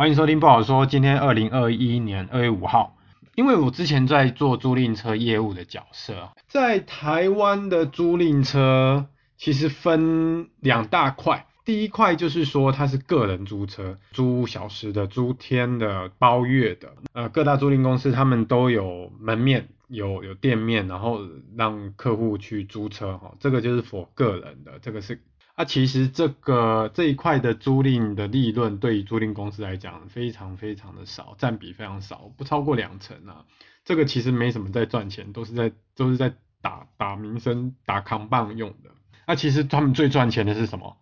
歡迎收聽不好說。今天二零二一年二月五號，因為我之前在做租賃車業務的角色，在台灣的租賃車其實分兩大塊，第一塊就是說它是個人租車，租小時的、租天的、包月的，呃，各大租賃公司他們都有門面、有有店面，然後讓客戶去租車，哈，這個就是 for 個人的，這個是。那、啊、其實這個這一塊的租賃的利潤，對於租賃公司來講非常非常的少，占比非常少，不超過兩成啊。這個其實沒什麼在賺錢，都是在都是在打打名聲、打扛棒用的。那、啊、其實他們最賺錢的是什麼？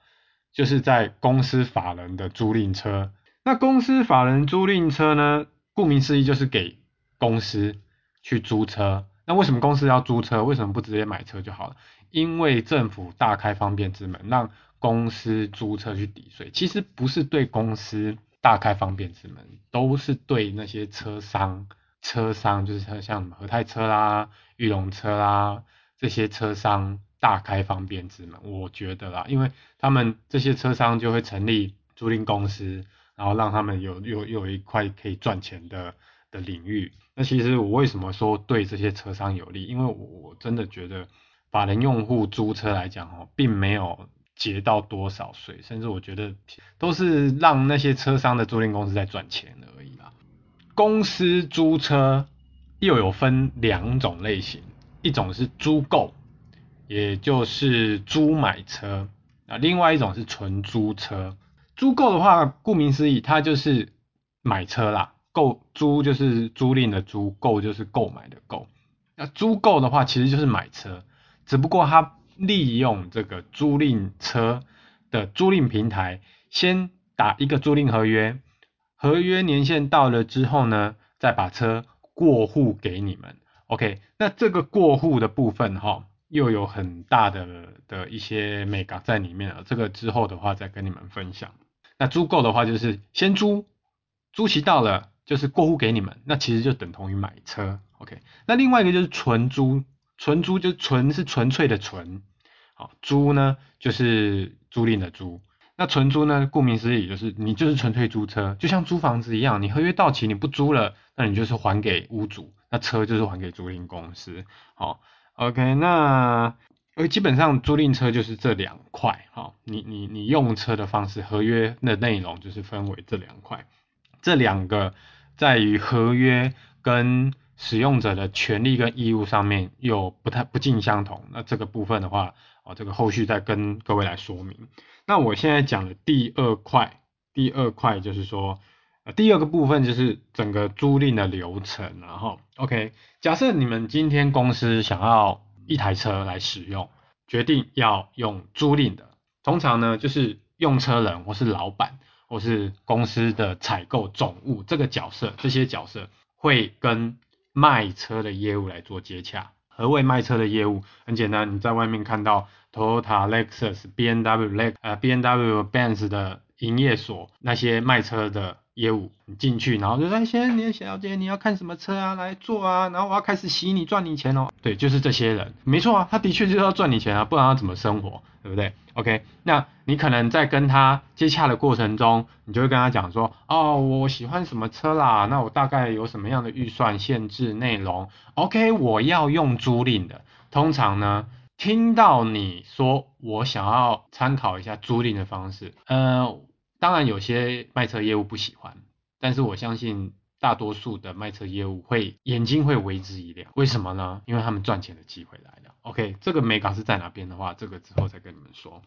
就是在公司法人的租賃車。那公司法人租賃車呢？顧名思義就是給公司去租車。那為什麼公司要租車？為什麼不直接買車就好了？因為政府大開方便之門，讓公司租車去抵稅。其實不是對公司大開方便之門，都是對那些車商、車商就是像像什麼和泰車啦、裕隆車啦這些車商大開方便之門。我覺得啦，因為他們這些車商就會成立租賃公司，然後讓他們有有有一塊可以賺錢的，的領域，那其實我為什麼說對這些車商有利？因為我，我真的覺得法人用戶租車來講哦，並沒有節到多少稅，甚至我覺得都是讓那些車商的租賃公司在賺錢而已啦。公司租車又有分兩種類型，一種是租購，也就是租買車啊，另外一種是純租車。租購的話，顧名思義，它就是買車啦。購租就是租賃的租，購就是購買的購。那租購的話，其實就是買車，只不過他利用這個租賃車的租賃平台，先打一個租賃合約，合約年限到了之後呢，再把車過戶給你們。OK，那這個過戶的部分哈、哦，又有很大的的一些眉角在裡面了。這個之後的話，再跟你們分享。那租購的話，就是先租，租期到了，就是過戶給你們，那其實就等同於買車，OK。那另外一個就是純租，純租就純是純粹的純，好，租呢就是租賃的租。那純租呢，顧名思義就是你就是純粹租車，就像租房子一樣，你合約到期你不租了，那你就是還給屋主，那車就是還給租賃公司，好，OK 那。那呃基本上租賃車就是這兩塊，好，你你你用車的方式，合約的內容就是分為這兩塊，這兩個。在於合約跟使用者的權利跟義務上面又不太不盡相同，那這個部分的話，我這個後續再跟各位來說明。那我現在講的第二塊，第二塊就是說，第二個部分就是整個租賃的流程。然後，OK，假設你們今天公司想要一台車來使用，決定要用租賃的，通常呢就是用車人或是老闆。或是公司的採購總務這個角色，這些角色會跟賣車的業務來做接洽。何謂賣車的業務？很簡單，你在外面看到 Toyota、Lexus、BMW、呃 BMW、Benz 的營業所，那些賣車的。業務你進去，然後就說：“哎，先生，你小姐，你要看什麼車啊？來坐啊！然後我要開始洗你，賺你錢哦、喔。”對，就是這些人，沒錯啊，他的確就是要賺你錢啊，不然他怎麼生活？對不對？OK，那你可能在跟他接洽的過程中，你就會跟他講說：“哦，我喜歡什麼車啦？那我大概有什麼樣的預算限制內容？OK，我要用租賃的。通常呢，聽到你說我想要參考一下租賃的方式，嗯、呃。”當然，有些賣車業務不喜歡，但是我相信大多數的賣車業務會眼睛會為之一亮。為什麼呢？因為他們賺錢的機會來了。OK，這個美港是在哪邊的話，這個之後再跟你們說。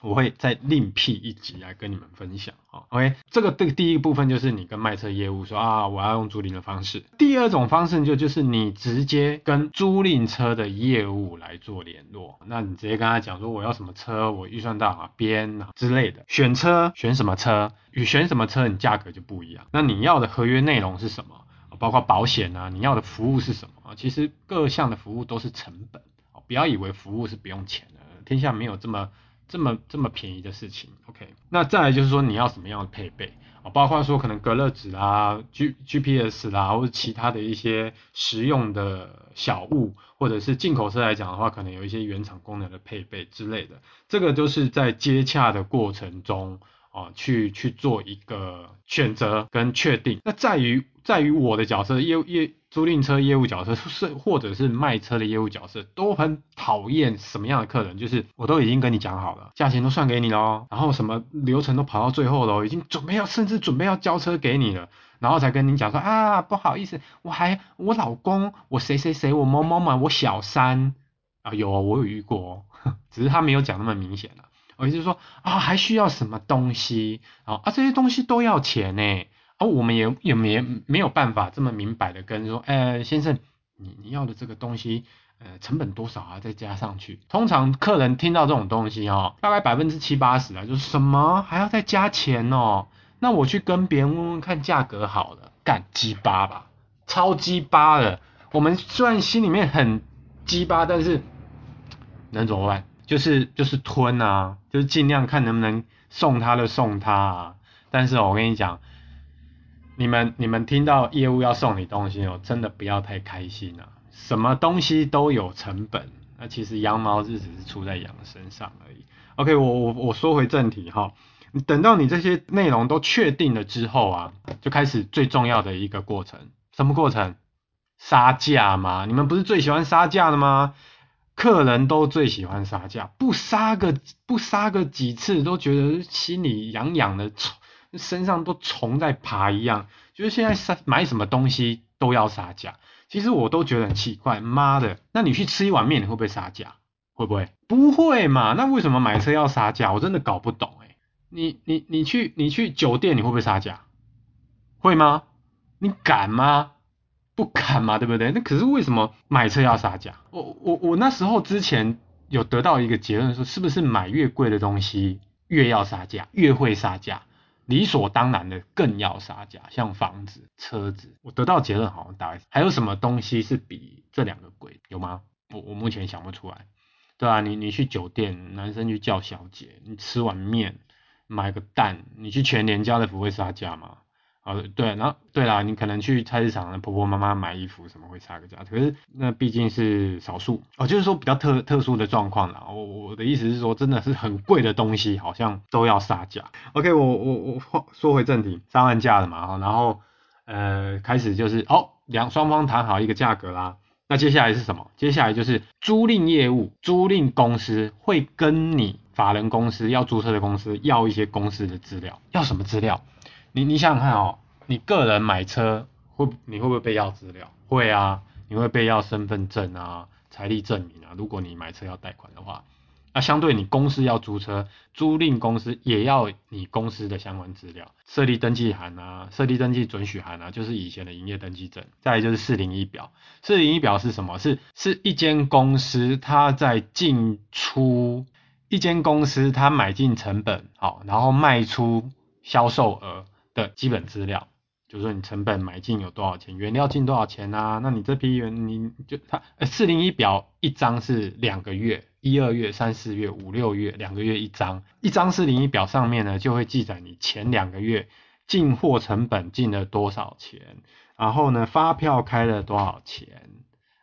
我會再另闢一集來跟你們分享啊、哦。OK，這個第第一個部分就是你跟賣車業務說啊，我要用租賃的方式。第二種方式就就是，你直接跟租賃車的業務來做聯絡。那你直接跟他講說，我要什麼車，我預算到哪邊啊，之類的。選車、選什麼車與選什麼車，你價格就不一樣。那你要的合約內容是什麼？包括保險啊，你要的服務是什麼？其實各項的服務都是成本。不要以為服務是不用錢的，天下沒有這麼。這麼這麼便宜的事情，OK，那再來就是說你要什麼樣的配備啊，包括說可能隔熱紙啦、啊、G GPS 啦、啊，或者其他的一些實用的小物，或者是進口車來講的話，可能有一些原廠功能的配備之類的，這個就是在接洽的過程中啊，去去做一個選擇跟確定。那在於在於我的角色，租賃車業務角色是或者是賣車的業務角色，都很討厭什麼樣的客人？就是我都已經跟你講好了，價錢都算給你嘍，然後什麼流程都跑到最後了，已經準備要甚至準備要交車給你了，然後才跟你講說，啊不好意思，我還我老公我誰誰誰我某某某我小三啊有、哦、我有遇過、哦，只是他沒有講那麼明顯了、啊，而是說啊，還需要什麼東西啊，這些東西都要錢呢。哦，我們也也沒也沒有辦法這麼明白的跟說，哎、欸，先生，你你要的這個東西，呃，成本多少啊？再加上去，通常客人聽到這種東西哦，大概百分之七八十啊，就是什麼還要再加錢哦？那我去跟別人問問看價格好了，幹雞巴吧，超雞巴的，我們雖然心裡面很雞巴，但是能怎麼辦？就是就是吞啊，就是盡量看能不能送他的送他啊，但是我跟你講。你們你們聽到業務要送你東西哦，真的不要太開心了、啊。什麼東西都有成本，那、啊、其實羊毛日子是出在羊身上而已。OK，我我我說回正題哈，齁等到你這些內容都確定了之後啊，就開始最重要的一個過程，什麼過程？殺價嘛，你們不是最喜歡殺價的嗎？客人都最喜歡殺價，不殺個不殺個幾次都覺得心裡癢癢的。身上都蟲在爬一樣，就是現在買什麼東西都要殺價，其實我都覺得很奇怪，媽的，那你去吃一碗麵你會不會殺價？會不會？不會嘛？那為什麼買車要殺價？我真的搞不懂哎、欸。你你你去你去酒店你會不會殺價？會嗎？你敢嗎？不敢嗎？對不對？那可是為什麼買車要殺價？我我我那時候之前有得到一個結論說，是不是買越貴的東西越要殺價，越會殺價？理所當然的更要殺價，像房子、車子，我得到結論好像大概還有什麼東西是比這兩個貴？有嗎？我我目前想不出來，對啊，你你去酒店，男生去叫小姐，你吃碗麵，買個蛋，你去全聯家樂福會殺價嗎？啊，對，然後對啦，你可能去菜市場，婆婆媽媽買衣服什麼會殺個價，可是那畢竟是少數哦，就是說比較特特殊的狀況啦。我我的意思是說，真的是很貴的東西，好像都要殺價。OK，我我我說回正題，殺完價了嘛，然後呃開始就是哦兩雙方談好一個價格啦，那接下來是什麼？接下來就是租賃業務，租賃公司會跟你法人公司要註冊的公司要一些公司的資料，要什麼資料？你你想想看哦，你個人買車會你會不會被要資料？會啊，你會被要身份證啊、財力證明啊。如果你買車要貸款的話，那、啊、相對你公司要租車，租賃公司也要你公司的相關資料，設立登記函啊、設立登記准許函啊，就是以前的營業登記證。再來就是四零一表，四零一表是什麼？是是一間公司它在進出一間公司它買進成本好、哦，然後賣出銷售額。的基本資料，就是說你成本買進有多少錢，原料進多少錢吶、啊？那你這批原你就它，四零一表一張是兩個月，一二月、三四月、五六月，兩個月一張，一張四零一表上面呢就會記載你前兩個月進貨成本進了多少錢，然後呢發票開了多少錢。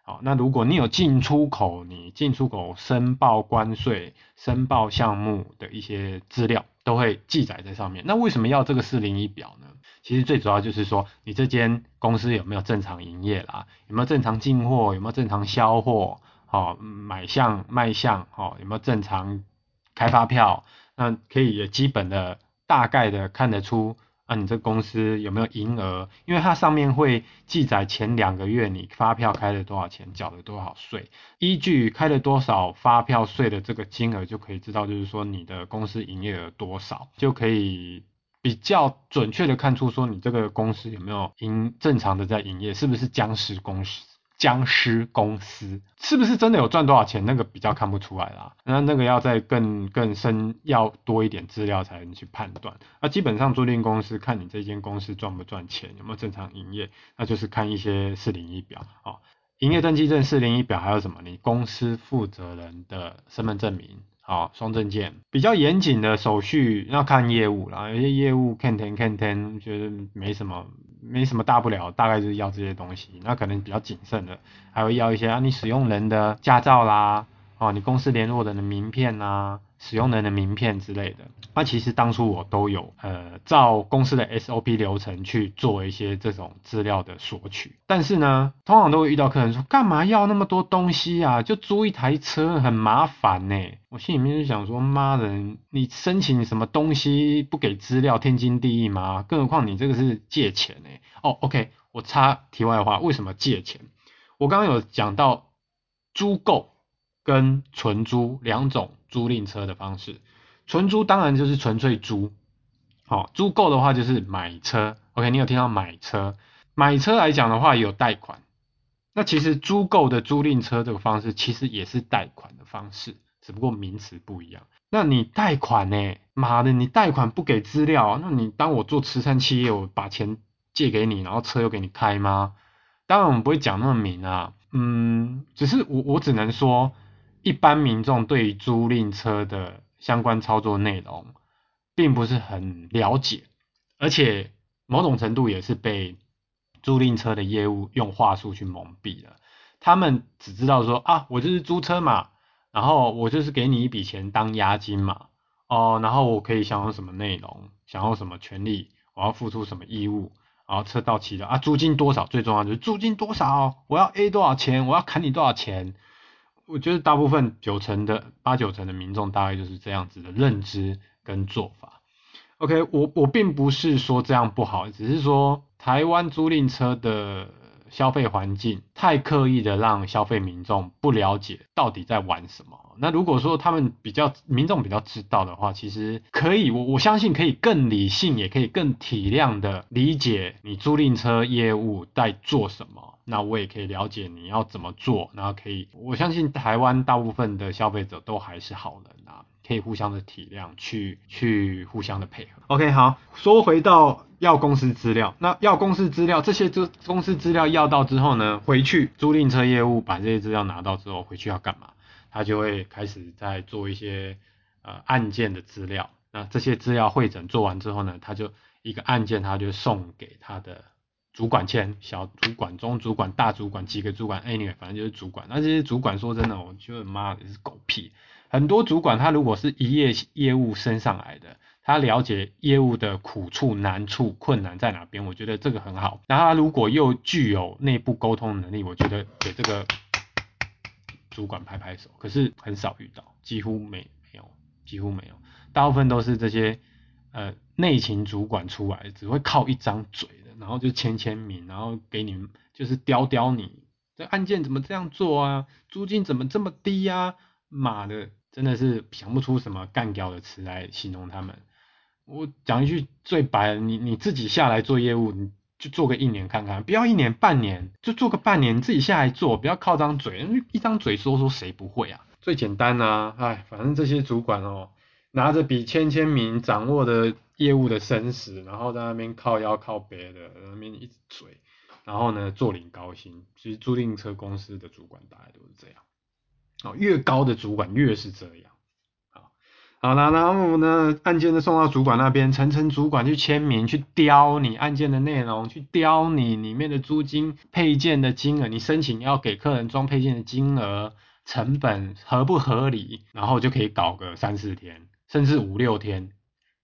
好，那如果你有進出口，你進出口申報關稅、申報項目的一些資料。都會記載在上面。那為什麼要這個四零一表呢？其實最主要就是說，你這間公司有沒有正常營業啦，有沒有正常進貨，有沒有正常銷貨，好、哦，買項賣項，好、哦，有沒有正常開發票，那可以也基本的大概的看得出。啊，你這公司有沒有營額？因為它上面會記載前兩個月你發票開了多少錢，繳了多少稅，依據開了多少發票稅的這個金額，就可以知道，就是說你的公司營業額多少，就可以比較準確的看出說你這個公司有沒有正常的在營業，是不是僵屍公司。僵屍公司是不是真的有賺多少錢？那個比較看不出來啦。那那個要再更更深，要多一點資料才能去判斷。那基本上租賃公司看你這間公司賺不賺錢，有沒有正常營業，那就是看一些四零一表啊，哦、營業登記證、四零一表，還有什麼？你公司負責人的身份證明。好、哦，雙證件比較嚴謹的手續，要看業務啦。有些業務看天看天，覺得沒什麼，沒什麼大不了，大概就是要這些東西。那可能比較謹慎的，還會要一些啊，你使用人的駕照啦，哦，你公司聯絡人的名片啦。使用人的名片之類的，那其實當初我都有，呃，照公司的 SOP 流程去做一些這種資料的索取。但是呢，通常都會遇到客人說，幹嘛要那麼多東西啊？就租一台車很麻煩呢、欸。我心裡面就想說，媽的，你申請什麼東西不給資料，天經地義嗎？更何況你這個是借錢呢、欸。哦、oh，OK，我插題外話，為什麼借錢？我剛剛有講到租購跟純租兩種。租賃車的方式，純租當然就是純粹租，好、哦，租購的話就是買車。OK，你有聽到買車？買車來講的話也有貸款，那其實租購的租賃車這個方式其實也是貸款的方式，只不過名詞不一樣。那你貸款呢、欸？媽的，你貸款不給資料、啊，那你當我做慈善企業，我把錢借給你，然後車又給你開嗎？當然我們不會講那麼明啊，嗯，只是我我只能說。一般民眾對租賃車的相關操作內容，並不是很了解，而且某種程度也是被租賃車的業務用話術去蒙蔽了。他們只知道說啊，我就是租車嘛，然後我就是給你一筆錢當押金嘛，哦，然後我可以享受什麼內容，享受什麼權利，我要付出什麼義務，然後車到期了啊，租金多少？最重要就是租金多少，我要 A 多少錢，我要砍你多少錢。我覺得大部分九成的八九成的民眾大概就是這樣子的認知跟做法。OK，我我並不是說這樣不好，只是說台灣租賃車的消費環境太刻意的讓消費民眾不了解到底在玩什麼。那如果說他們比較民眾比較知道的話，其實可以，我我相信可以更理性，也可以更體諒的理解你租賃車業務在做什麼。那我也可以了解你要怎麼做，然後可以，我相信台灣大部分的消費者都還是好人啊，可以互相的體諒，去去互相的配合。OK，好，說回到要公司資料，那要公司資料，這些就公司資料要到之後呢，回去租賃車業務把這些資料拿到之後，回去要幹嘛？他就會開始在做一些呃案件的資料，那這些資料匯整做完之後呢，他就一個案件他就送給他的。主管簽，小主管、中主管、大主管，幾個主管，Anyway，反正就是主管。那這些主管說真的，我覺得媽的也是狗屁。很多主管他如果是一業業務升上來的，他了解業務的苦處、難處、困難在哪邊，我覺得這個很好。那他如果又具有內部溝通能力，我覺得給這個主管拍拍手。可是很少遇到，幾乎沒，沒有，幾乎沒有，大部分都是這些呃。內勤主管出來只會靠一張嘴的，然後就簽簽名，然後給你就是刁刁你，這案件怎麼這樣做啊？租金怎麼這麼低呀？媽的，真的是想不出什麼幹譙的詞來形容他們。我講一句最白，你你自己下來做業務，你就做個一年看看，不要一年半年，就做個半年，自己下來做，不要靠張嘴，一張嘴說說誰不會啊？最簡單啊，哎，反正這些主管哦。拿着筆簽簽名，掌握的業務的生死，然後在那邊靠腰靠背的，那邊一直追，然後呢坐領高薪。其實租賃車公司的主管大概都是這樣。哦，越高的主管越是這樣。好，好，然後呢，案件就送到主管那邊，層層主管去簽名，去刁你案件的內容，去刁你裡面的租金配件的金額，你申請要給客人裝配件的金額成本合不合理，然後就可以搞個三四天，甚至五六天，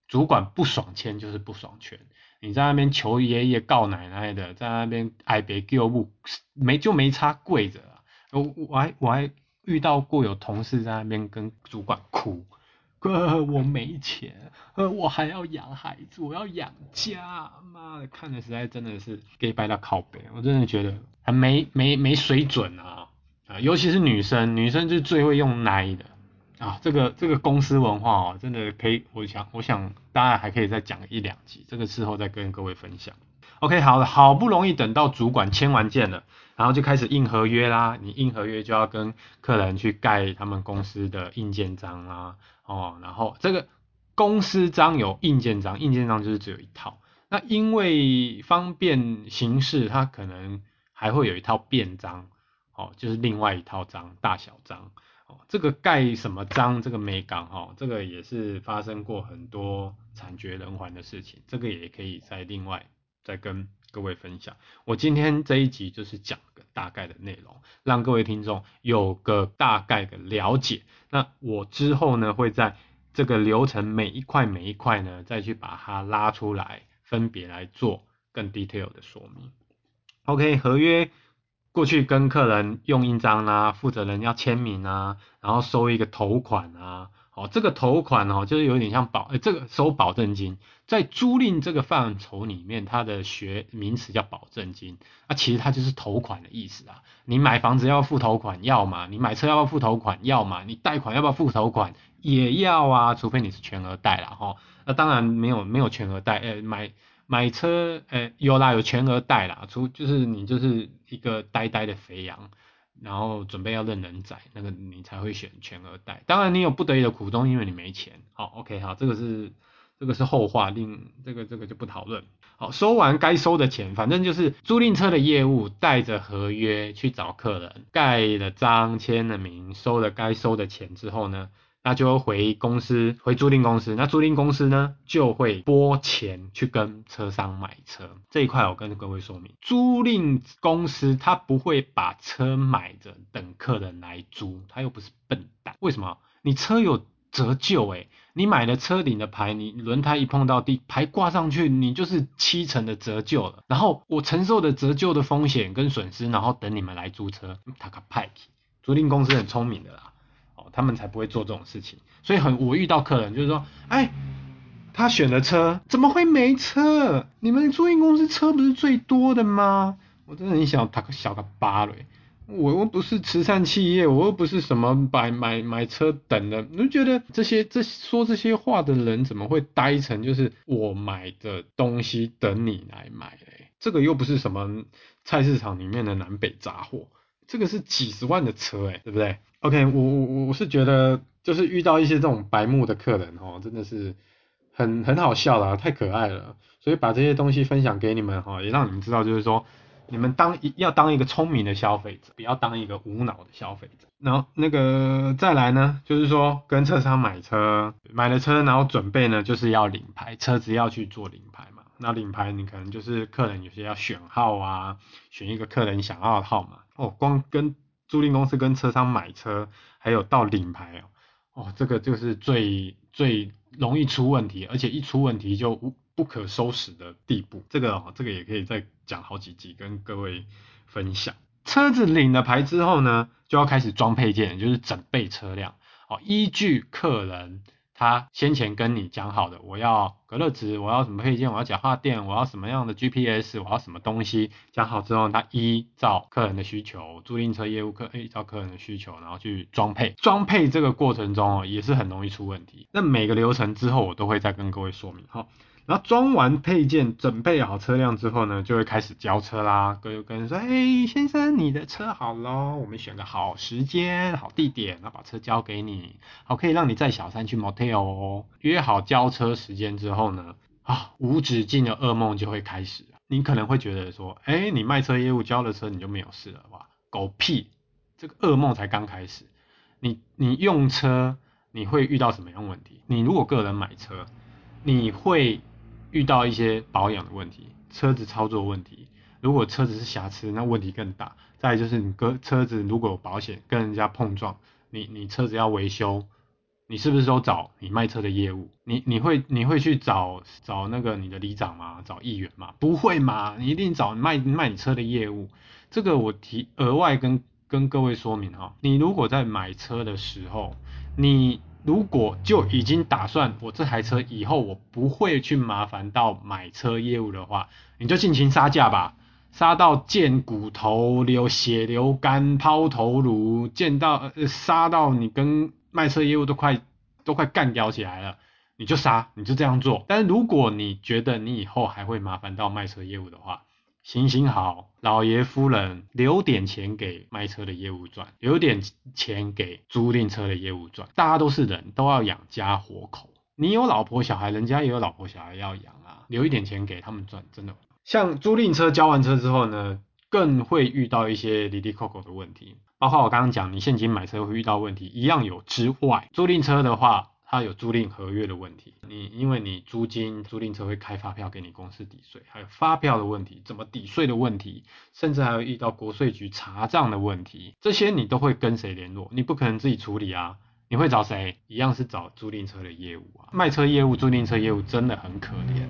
主管不爽簽就是不爽簽，你在那邊求爺爺告奶奶的，在那邊哀爸叫母，沒就沒差跪着我，我還我還遇到過有同事在那邊跟主管哭，呵呵我沒錢，呵我還要養孩子，我要養家，媽的，看的實在真的是給掰到靠北，我真的覺得還沒沒沒水準啊啊、呃！尤其是女生，女生是最會用奶的。啊，這個這個公司文化哦，真的可以，我想我想，大家還可以再講一兩集，這個之後再跟各位分享。OK，好的，好不容易等到主管簽完件了，然後就開始印合約啦。你印合約就要跟客人去蓋他們公司的印鑑章啦，啊，哦，然後這個公司章有印鑑章，印鑑章就是只有一套。那因為方便行事，它可能還會有一套便章，哦，就是另外一套章，大小章。這個蓋什麼章，這個沒講哈，這個也是發生過很多慘絕人寰的事情，這個也可以再另外再跟各位分享。我今天這一集就是講個大概的內容，讓各位聽眾有個大概的了解。那我之後呢，會在這個流程每一塊每一塊呢，再去把它拉出來，分別來做更 detail 的說明。OK，合約，過去跟客人用印章啦、啊，負責人要簽名啊，然後收一個頭款啊，好、哦，這個頭款哦，就是有點像保，哎，這個收保證金，在租賃這個範疇裡面，它的學名詞叫保證金，啊、其實它就是頭款的意思啊。你買房子要付頭款要嘛，你買車要不要付頭款要嘛，你貸款要不要付頭款也要啊，除非你是全額貸了哈，那、哦啊、當然沒有沒有全額貸，呃，買。買車，誒、欸，有啦，有全額貸啦。除就是你就是一個呆呆的肥羊，然後準備要任人宰，那個你才會選全額貸。當然你有不得已的苦衷，因為你沒錢。好，OK，好，這個是這個是後話，另這個這個就不討論。好，收完該收的錢，反正就是租賃車的業務，帶着合約去找客人，蓋了章，簽了名，收了該收的錢之後呢？那就回公司，回租賃公司。那租賃公司呢，就會撥錢去跟車商買車。這一塊我跟各位說明，租賃公司他不會把車買着等客人來租，他又不是笨蛋。為什麼？你車有折舊誒、欸，你買了車頂的牌，你輪胎一碰到地，牌掛上去，你就是七成的折舊了。然後我承受的折舊的風險跟損失，然後等你們來租車。他可派去，租賃公司很聰明的啦。他們才不會做這種事情，所以很我遇到客人就是說，哎，他選的車怎麼會沒車？你們租賃公司車不是最多的嗎？我真的很想他，個小個巴雷，我又不是慈善企業，我又不是什麼買買買，買車等的，你就覺得這些這些說這些話的人怎麼會呆成就是我買的東西等你來買嘞、欸？這個又不是什麼菜市場裡面的南北雜貨。這個是幾十萬的車誒、欸，對不對？OK，我我我是覺得就是遇到一些這種白目的客人哦，真的是很很好笑啦、啊，太可愛了。所以把這些東西分享給你們哈，也讓你們知道，就是說你們當要當一個聰明的消費者，不要當一個無腦的消費者。然後那個再來呢，就是說跟車商買車，買了車然後準備呢，就是要領牌，車子要去做領牌嘛。那領牌你可能就是客人有些要選號啊，選一個客人想要的號碼。哦，光跟租賃公司、跟車商買車，還有到領牌哦，哦，這個就是最最容易出問題，而且一出問題就不，不可收拾的地步。這個哦，這個也可以再講好幾集跟各位分享。車子領了牌之後呢，就要開始裝配件，就是整備車輛。哦，依據客人，他先前跟你講好的，我要隔熱紙，我要什麼配件，我要強化墊，我要什麼樣的 GPS，我要什麼東西，講好之後，他依照客人的需求，租賃車業務客，哎，依照客人的需求，然後去裝配。裝配這個過程中哦，也是很容易出問題。那每個流程之後，我都會再跟各位說明，然後裝完配件，準備好車輛之後呢，就會開始交車啦。各就跟說，哎，先生，你的車好嘍，我們選個好時間、好地點，然後把車交給你，好可以讓你在小三去 Motel 哦。約好交車時間之後呢，啊，無止境的噩夢就會開始。你可能會覺得說，哎，你賣車業務交了車，你就沒有事了吧？狗屁，這個噩夢才剛開始。你你用車，你會遇到什麼樣的問題？你如果個人買車，你會遇到一些保養的問題、車子操作問題，如果車子是瑕疵，那問題更大。再來就是你個車子如果有保險，跟人家碰撞，你你車子要維修，你是不是都找你賣車的業務？你你會你會去找找那個你的里長嗎？找議員嗎？不會嘛，你一定找賣賣你車的業務。這個我提額外跟跟各位說明哈，你如果在買車的時候，你。如果就已經打算我這台車以後我不會去麻煩到買車業務的話，你就盡情殺價吧，殺到見骨頭流血流乾拋頭顱，見到呃殺到你跟賣車業務都快都快幹掉起來了，你就殺你就這樣做。但是如果你覺得你以後還會麻煩到賣車業務的話，行行好，老爺夫人留點錢給賣車的業務賺，留點錢給租賃車的業務賺。大家都是人，都要養家活口。你有老婆小孩，人家也有老婆小孩要養啊，留一點錢給他們賺，真的。像租賃車交完車之後呢，更會遇到一些哩哩扣扣的問題，包括我剛剛講你現金買車會遇到問題一樣有之外，租賃車的話。它有租賃合約的問題，你因為你租金租賃車會開發票給你公司抵稅，還有發票的問題，怎麼抵稅的問題，甚至還有遇到國稅局查賬的問題，這些你都會跟誰聯絡？你不可能自己處理啊，你會找誰？一樣是找租賃車的業務啊，賣車業務、租賃車業務真的很可憐，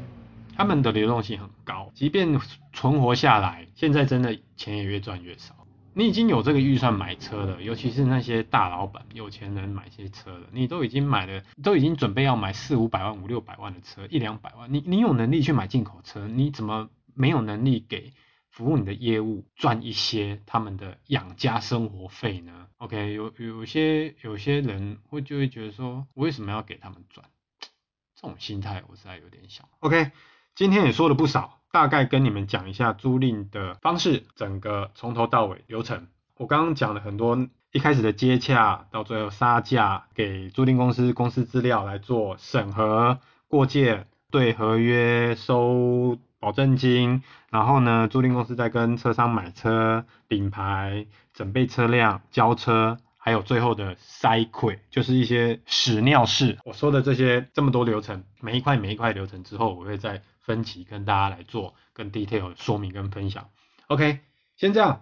他們的流動性很高，即便存活下來，現在真的錢也越賺越少。你已經有這個預算買車了，尤其是那些大老板、有錢人買些車了，你都已經買了，都已經準備要買四五百萬、五六百萬的車，一兩百萬，你你有能力去買進口車，你怎麼沒有能力給服務你的業務賺一些他們的養家生活費呢？OK，有有些有些人會就會覺得說，我為什麼要給他們賺？這種心態我實在有點想。OK，今天也說了不少。大概跟你們講一下租賃的方式，整個從頭到尾流程。我剛剛講了很多，一開始的接洽，到最後殺價給租賃公司，公司資料來做審核、過件、對合約、收保證金，然後呢，租賃公司在跟車商買車、品牌、整備車輛、交車，還有最後的篩潰，就是一些屎尿事。我說的這些這麼多流程，每一塊每一塊流程之後，我會再。分歧跟大家來做更 detail 說明跟分享。OK，先這樣。